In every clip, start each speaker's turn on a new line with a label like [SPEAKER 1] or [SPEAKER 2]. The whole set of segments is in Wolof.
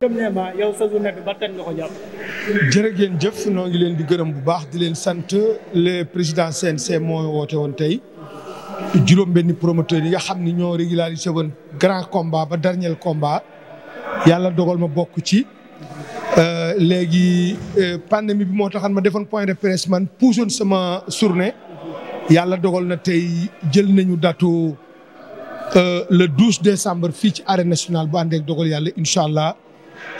[SPEAKER 1] gëm yow sa journée bi ba tey nga ko jàpp. jëf noo ngi leen di gërëm bu baax di leen sant le président CNC mooy woote woon tey juróom benni promoteur yi nga xam ni ñoo régularisé woon grand combat ba dernier combat yàlla dogal ma bokk ci. Euh, léegi euh, pandémie bi moo taxan ma defoon point de presse man puusoon sama journée yàlla dogal na tey jël nañu datu euh, le 12 décembre fii ci arène nationale bu àndeek dogal yàlla incha allah.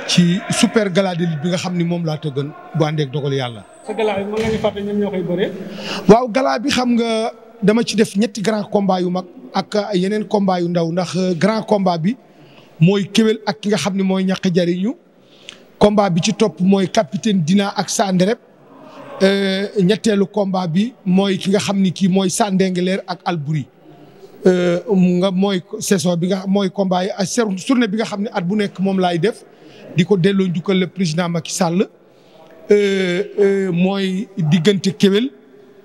[SPEAKER 1] ci super gala bi nga xam ni moom laa tëggoon bu àndeek dogal yàlla. sa waaw gala bi xam nga dama ci def ñetti grand combat yu mag ak yeneen combat yu ndaw ndax grand combat bi mooy kéwél ak ki nga xam ni mooy ñaq jariñu combat bi ci topp mooy capitaine dina ak Sanderep euh, ñetteelu combat bi mooy ki nga xam ni kii mooy Sandengeleer ak Albouri euh, nga mooy saison bi nga mooy combat yi ak journée bi nga xam ne at bu nekk moom laay def. di ko delloo njukkal le président Macky Sall euh, euh, mooy diggante kéwél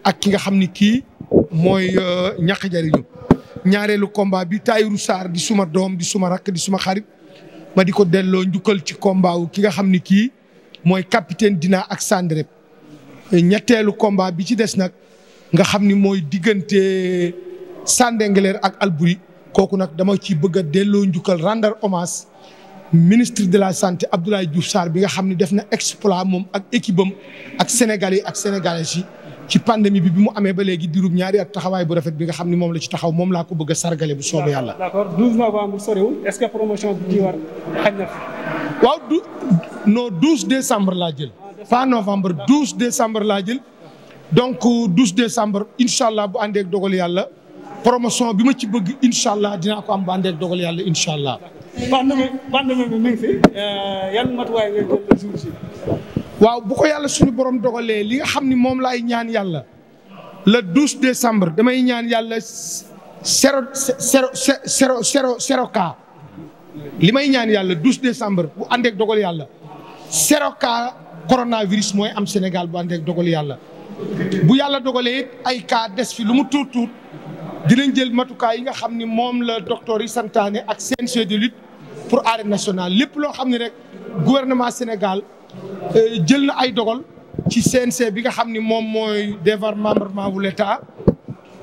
[SPEAKER 1] ak ki nga xam ni kii mooy ñàkk euh, jariñu ñaareelu combat bi Tahirou Sarr di suma doom di suma rakk di suma xarit ma di ko delloo njukkal ci combat ki nga xam ni kii mooy capitaine Dina ak Sandrep ñetteelu combat bi ci des nag nga xam ni mooy diggante Sandengler ak Albury kooku nag dama ci bëgg a delloo njukkal rendre hommage ministre de la santé Abdoulaye Diouf Sarr bi nga xam ne def na exploit moom ak équipe am ak sénégalais ak sénégalaises yi ci pandémie bi bi mu amee ba léegi diirub ñaari at taxawaay bu rafet bi nga xam ne moom la ci taxaw moom laa ko bëgg a sargale bu soobee yàlla. d'accord 12 novembre soriwul est-ce que na fi. waaw du non décembre laa jël. Ah, pas novembre 12 décembre laa jël. donc 12 décembre incha allah bu àndee ak dogal yàlla promotion bi ma ci bëgg incha allah dinaa ko am bu àndee ak dogal yàlla incha allah. pandémie pandémie bi mi ngi fi euh, yan matuwaay ngay jël la waaw bu ko yàlla suñu borom dogalee li nga xam ni moom laay ñaan yàlla le 12 décembre damay ñaan yàlla zéro li may ñaan yàlla 12 décembre bu àndeek dogal yàlla seroka cas coronavirus mooy am Sénégal bu àndeek dogal yàlla bu yàlla dogalee ay cas des fi lu mu tuut tuut. dinañ jël matukaay yi nga xam ni moom la docteur yi santaane ak CNG de lutte pour arène nationale lépp loo xam ne rek gouvernement Sénégal euh, jël na ay dogal ci CNG bi nga xam ni moom mooy démembrement wu l'État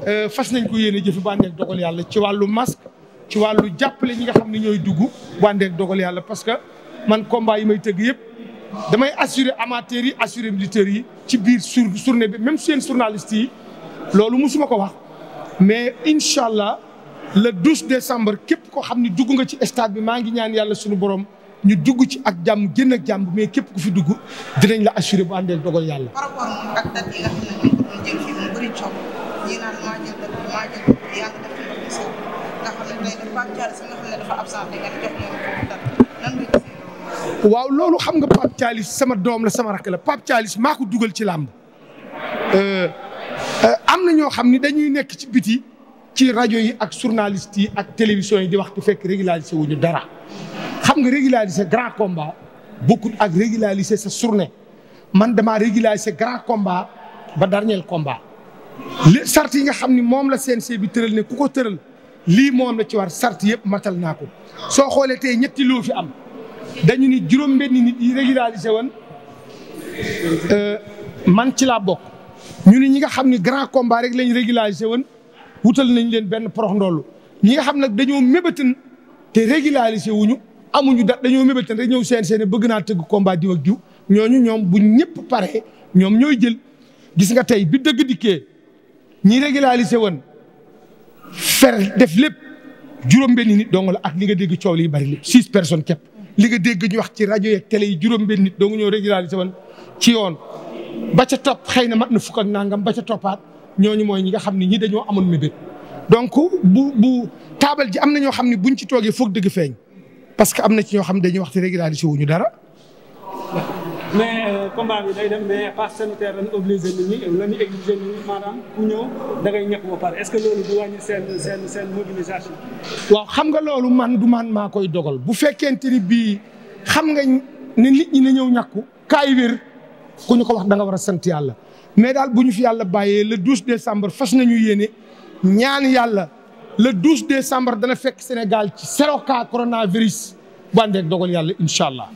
[SPEAKER 1] euh, fas nañ ko yéene jëfi bu àndeek dogal yàlla ci wàllu masque ci wàllu jàppale yi nga xam ne ñooy dugg bu àndeek dogal yàlla parce que man combat yi may tëgg yëpp damay assurer amateurs yi assurer militaires yi ci biir sur journée bi même seen journalistes yi loolu musuma ko wax mais incha allah le 12 décembre képp koo xam ne dugg nga ci stade bi maa ngi ñaan yàlla suñu borom ñu dugg ci ak jàmm génn ak mais képp ku fi dugg dinañ la assuré bu àndee dogal yàlla. par nga xam ne ñu jëm nga ne jox moom foofu date waaw loolu xam nga Pape Thialis sama doom la sama rakk la Pape Thialis maa ko dugal ci làmb. Euh, Euh, am na ñoo xam ni dañuy nekk ci biti ci rajo yi ak journaliste yi ak télévision yi di wax te fekk régulariser wuñu dara xam nga régulariser grand combat bokkul ak régulariser sa journée man damaa régulariser grand combat ba dernier combat. li sart yi nga xam ni moom la CNG bi tëral ne ku ko tëral lii moom la ci war sart yëpp matal naa ko soo xoolee te ñetti loo fi am dañu ni juróom mbenn nit yi régulariser woon euh, man ci laa bokk. ñu ne ñi nga xam ne grand combat rek lañ régularisé woon wutal nañ leen benn porox ndollu ñi nga xam nag dañoo mébétan te régularisé wuñu amuñu da dañoo mébétan rek ñëw seen seen bëgg naa tëgg combat diw ak diw ñooñu ñoom bu ñëpp pare ñoom ñooy jël gis nga tey bi dëgg dikkee ñi régularisé woon fer def lépp juróom-benn nit dong la ak li nga dégg coow li bari li six personnes képp li nga dégg ñu wax ci rajo yeeg télé yi juróom-benn nit dong ñoo régularisé woon ci yoon ba ca topp xëy na mat na fukk ak nangam ba ca toppaat ñooñu mooy ñi nga xam ne ñi dañoo amoon mébét donc bu bu taabal ji am na ñoo xam ne buñ ci toogee foog dégg feeñ parce que am na ci ñoo xam ne dañuy wax te wuñu dara. mais euh, combat bi day dem mais pass sanitaire lañ obligé nit ñi la ñu maanaam ku ñëw da ngay ba pare est-ce que loolu du wàññi seen seen seen mobilisation. waaw xam nga loolu man du man maa koy dogal bu fekkente ni bii xam nga ne nit ñi na ñëw ñàkku kaay wér. ku ñu ko wax da nga war a sant yàlla mais daal bu ñu fi yàlla bàyyee le 12 décembre fas nañu yéene ñaan yàlla le 12 décembre dana fekk Sénégal ci zéro cas coronavirus bu àndeek dogal yàlla incha allah.